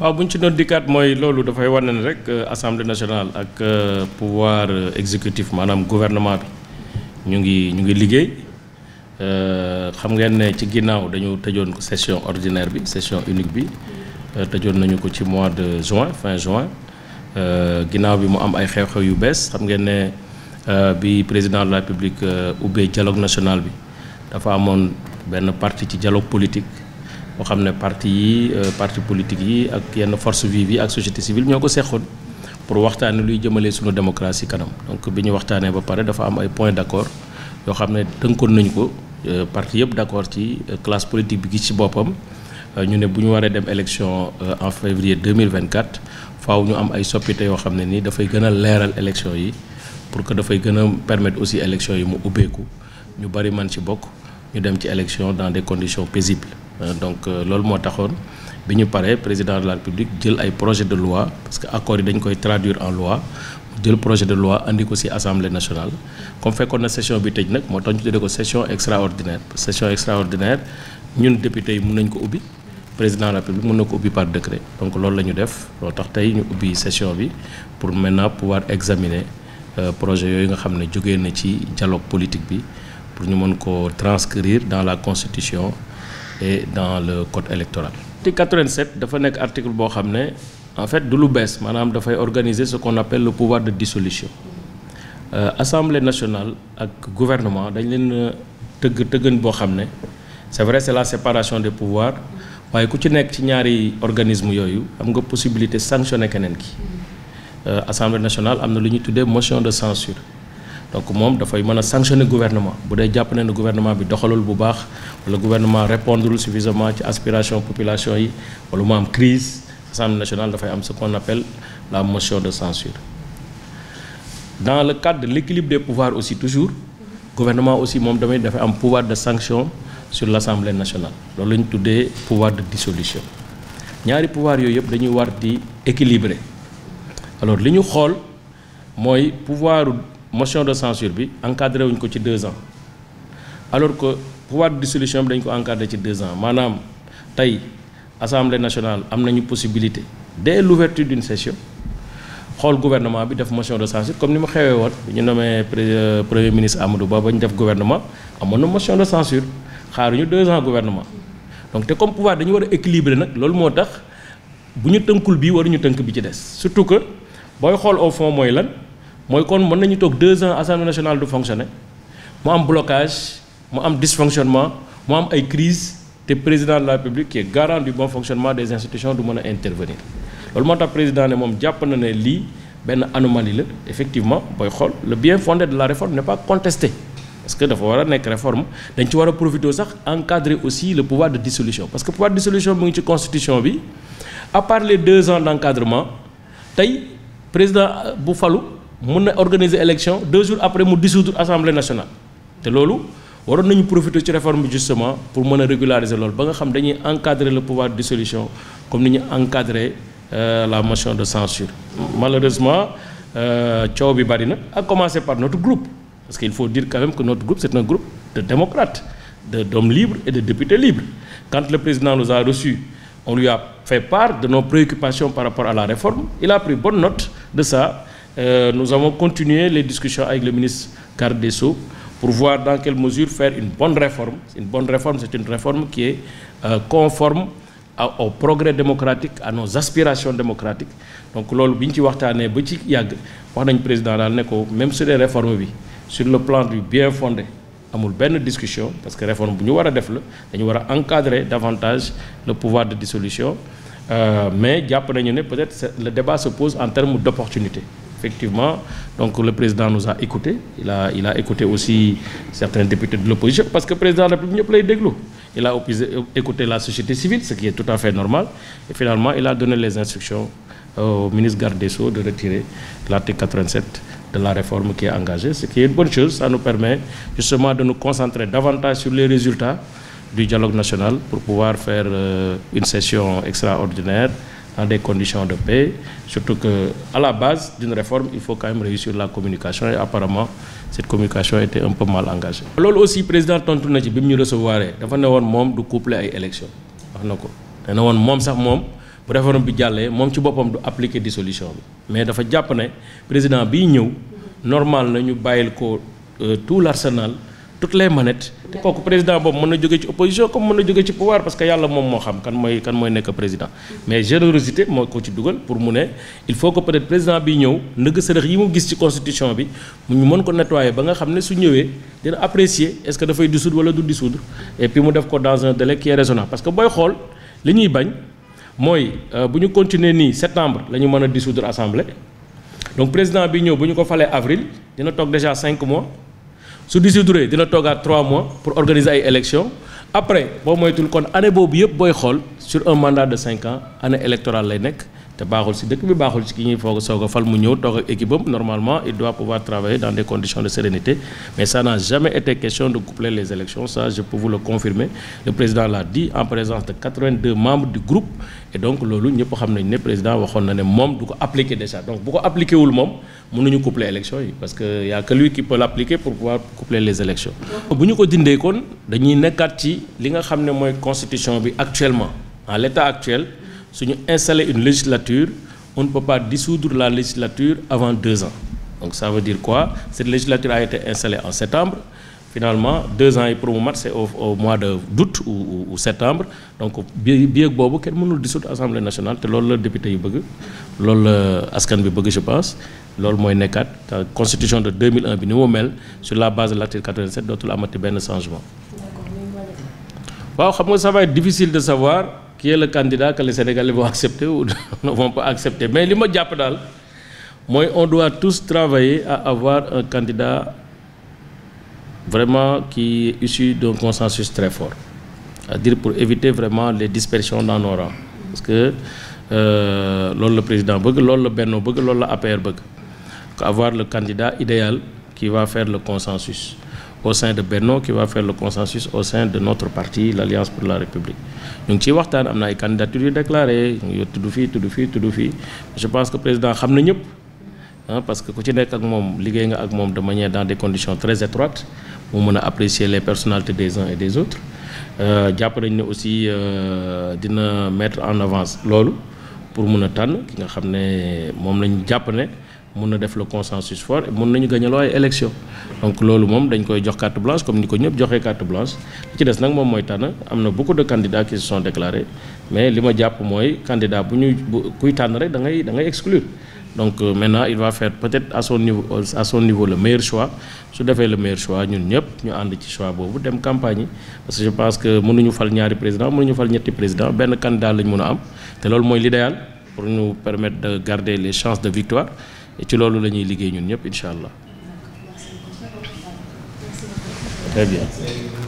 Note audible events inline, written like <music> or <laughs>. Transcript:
waaw bu ñu ci doon dikkaat mooy loolu dafay wane ne rek euh, assemblée nationale ak euh, pouvoir euh, exécutif maanaam gouvernement bi ñu ngi ñu ngi liggéey xam ngeen ne ci ginnaaw dañu tëjoon ko session ordinaire bi session unique bi tëjoon nañu ko ci mois de juin fin juin ginnaaw bi mu am ay xew-xew yu bees xam ngeen ne bi président de la République ubbee dialogue national bi. dafa amoon benn parti ci dialogue politique boo xam ne parti yi euh, parti politique yi ak yenn force vive yi ak société civile ñoo ko seqoon pour waxtaane luy jëmale suñu démocratie kanam donc bi ñu waxtaanee ba pare dafa am ay point d'accord yoo xam ne tënkoon nañu ko euh, parti yëpp d'accord ci euh, classe politique bi gis ci boppam ñu ne bu ñu waree dem élection en février 2024 faaw ñu am ay soppite yoo xam ne nii dafay gën a leeral élection yi pour que dafay gën a permettre aussi élection yi mu ubbeeku ñu bari man ci bokk ñu dem ci élection dans des conditions paisibles euh, donc euh, loolu moo taxoon bi ñu paree président de la république jël ay projet de loi parce que accords yi dañ koy traduire en loi jël projet de loi andi ko ci assemblée nationale comme fekkoon na session bi tey nag moo tax ñu tuddee ko session extraordinaire session extraordinaire ñun député yi mun nañ ko ubbi président de la république mën na ko ubbi par décret donc loolu lañu def loolu tax tey ñu ubbi session bi pour maintenant pouvoir examiner euh, projet yooyu nga xam ne jógee na ci dialogue politique bi pour ñu mën ko transcrire dans la constitution et dans le code électoral. article 87 dafa nekk article boo xam ne en fait du lu bees maanaam dafay organiser ce qu'on appelle le pouvoir de dissolution euh, assemblée nationale ak gouvernement dañ leen euh, tëgg tëggan boo xam ne c'est vrai c'est la séparation des pouvoirs waaye ku ci nekk ci ñaari organisme yooyu am nga possibilité sanctionner keneen ki euh, assemblée nationale am na lu ñuy tuddee motion de censure donc moom dafay mën a sanctionner gouvernement bu dee jàpp ne ne gouvernement bi doxalul bu baax wala gouvernement répondrul suffisamment ci aspiration population yi wala mu am crise assemblée nationale dafay am ce qu'on la motion de censure dans le cadre de l'équilibre des aussi toujours gouvernement aussi moom tamit dafay am pouvoir de sanction sur l'assemblée nationale loolu la ñu tuddee pouvoir de dissolution ñaari pouvoir yooyu yëpp dañuy war di équilibrer alors li xool motion de censure bi encadré wuñ ko ci deux ans alors que pouvoir de dissolution bi dañ ko encadré ci deux ans maanaam tey assemblée nationale am nañu possibilité dès l'ouverture d'une session xool gouvernement bi def motion de censure comme ni mu xewee woon ñu nommé euh, premier ministre Amadou Ba ba ñu def gouvernement amoon na motion de censure xaaruñu deux ans gouvernement donc te comme pouvoir dañu war a équilibrer nag loolu moo tax bu ñu tënkul bii waruñu tënk bi ci des surtout que booy xool au fond mooy lan mooy kon mën nañu toog deux ans assemblée nationale du fonctionner mu am blocage mu am dysfonctionnement mu am ay crise te président de la République qui est garant du bon fonctionnement des institutions du mën a intervenir loolu moo tax président ne moom jàpp na ne lii benn anomalie la effectivement booy xool le bien fonde de la réforme n'est pas contesté parce que dafa war a nekk réforme dañ ci war a profité sax encadrer aussi le pouvoir de dissolution parce que pouvoir de dissolution mu ngi ci constitution à part les deux ans tey président bu falu mun na organiser élection deux jours après mu dissoudre assemblée nationale te loolu waroon nañu profiter ci réforme bi justement pour mën a régulariser loolu ba nga xam dañuy encadrer le pouvoir de dissolution comme ni ñu encadrer euh, la motion de censure malheureusement euh, coow bi bari na à commencer par notre groupe parce qu'il faut dire quand même que notre groupe c'est un groupe de démocrates de d'hommes libres et de députés libres quand le président nous a reçus on lui par rapport à la réforme il a pris bonne note Euh, nous avons continué les discussions avec le ministre Garde pour voir dans quelle mesure faire une bonne réforme. Une bonne réforme, c'est une réforme qui est euh, conforme au progrès démocratique, à nos aspirations démocratiques. Donc loolu bi ñu ci waxtaanee ba ci yàgg wax nañ président daal ne ko même sur les réformes bi sur le plan du bien fondé amul benn discussion parce que réforme bu ñu war a def la dañu war a encadrer davantage le pouvoir de dissolution euh, mais jàpp nañu ne peut-être le débat se pose en termes d'opportunité effectivement donc le président nous a écouté il a il a écouté aussi certains députés de l'opposition parce que président ñëpp a euh, écouté la société civile ce qui est à fait normal et finalement il a donné les instructions au ministre garde des Sceaux de retirer l'article 87 de la réforme qui est engagée ce qui est une bonne chose ça nous permet justement de nous concentrer davantage national pour pouvoir faire euh, une session extraordinaire dans des conditions de paix. Surtout qu'à la base d'une réforme, il faut quand même réussir la et apparemment, cette communication était un loolu aussi président tontu na ci bi mu ñu recevoir dafa ne woon moom du couplé ay élection na ko ne na woon moom sax moom bu réforme bi jàllee moom ci boppam du appliquer dissolution bi mais dafa jàpp ne président biy ñëw normal na ñu bàyyil ko euh, tout l'arsenal toutes les manettes te kooku président boobu mën na jóge ci opposition comme mën na jóge ci pouvoir parce que yàlla moom moo xam kan mooy kan mooy nekk président mais générosité moo ko ci dugal pour mu ne il faut que peut président bi ñëw ndëgg sërëx yi mu gis ci constitution bi ñu mën ko nettoyer ba nga xam ne su ñëwee dina apprécier est-ce que dafay dissoudre wala du dissoudre et puis mu def ko dans un délai qui est raisonnable parce que booy xool li ñuy bañ mooy euh, bu ñu continuer nii septembre la ñu mën a dissoudre assemblée donc président bi ñëw bu ñu ko falee avril dina toog déjà cinq mois su dissoudre dina toogaat 3 mois pour organiser ay élections après boo moytul kon année boobu yëpp booy xool sur un mandat de 5 ans année électorale lay nekk. te baaxul si dëkk bi baaxul si ki ñuy foog soog a fal mu ñëw toog ak équipe am normalement il doit pouvoir travailler dans des conditions de sérénité mais ça n'a jamais été question de coupler les élections ça je peux vous confirmer le président l'a dit en présence de 82 du groupe et donc loolu ñëpp xam nañ ne président waxoon na ne moom du ko appliquer déjà donc bu ko appliqué wul moom mënuñu coupler élection yi parce que y a que lui qui peut pour pouvoir coupler les élections bu ñu ko dindee kon dañuy nekkaat ci li nga xam ne mooy constitution bi actuellement en suñu installer une législature on ne peut pas dissoudre la législature avant deux ans donc ça veut dire quoi cette législature a été installée en septembre finalement deux ans yi pour mu mat c'est au, mois de d'août ou, ou, ou septembre donc bi bi ak boobu kenn mënul dissoudre assemblée nationale te loolu la député yu bëgg loolu la askan bi bëgg je pense loolu mooy nekkaat constitution de 2001 bi ni mu mel sur la base de l'article 87 dootul amati benn changement. qui est le candidat que les Sénégalais vont accepter ou <laughs> ne vont pas accepter mais li ma jàpp daal mooy on doit tous travailler à avoir un candidat vraiment qui est issu d'un consensus très fort à dire pour éviter vraiment les dispersions dans nos rangs parce que euh, loolu la président bëgg loolu la Benno bëgg lool la APR bëgg avoir le candidat idéal qui va faire le consensus au sein de Benno qui va faire le consensus au sein de notre parti l'Alliance pour la République ñu ngi ciy waxtaan am na ay candidatures yu déclaré yo tudd fii fii tudd fii je pense que président xam na ñëpp parce que ku ci nekk ak moom liggéey nga ak moom de manière dans des conditions très étroites mu mën a apprécier les personnalités des uns et des autres euh, jàpp nañ ne aussi euh, dina mettre en avance loolu pour mun a tànn ki nga xam ne moom lañu jàpp mun na def le consensus fort mun nañu gañaloo ay élection donc loolu moom dañ koy jox carte blanche comme ni ko ñëpp joxee carte blanche li ci des nag moom mooy tànn am na beaucoup de candidats qui se sont déclarés mais li ma jàpp mooy candidat bu ñu kuy tànn rek da ngay da ngay exclure donc euh, maintenant il va faire peut-être à son niveau euh, à son niveau le meilleur choix su defee le meilleur choix ñun ñëpp ñu ànd ci choix boobu dem campagne yi parce que je pense que fal ñaari président mënuñu fal ñetti président benn candidat lañ a loolu mooy l'idéal pour ñu permettre de garder les chances de victoire ci loolu la ñuy liggéey ñun ñëpp incha allah. très bien.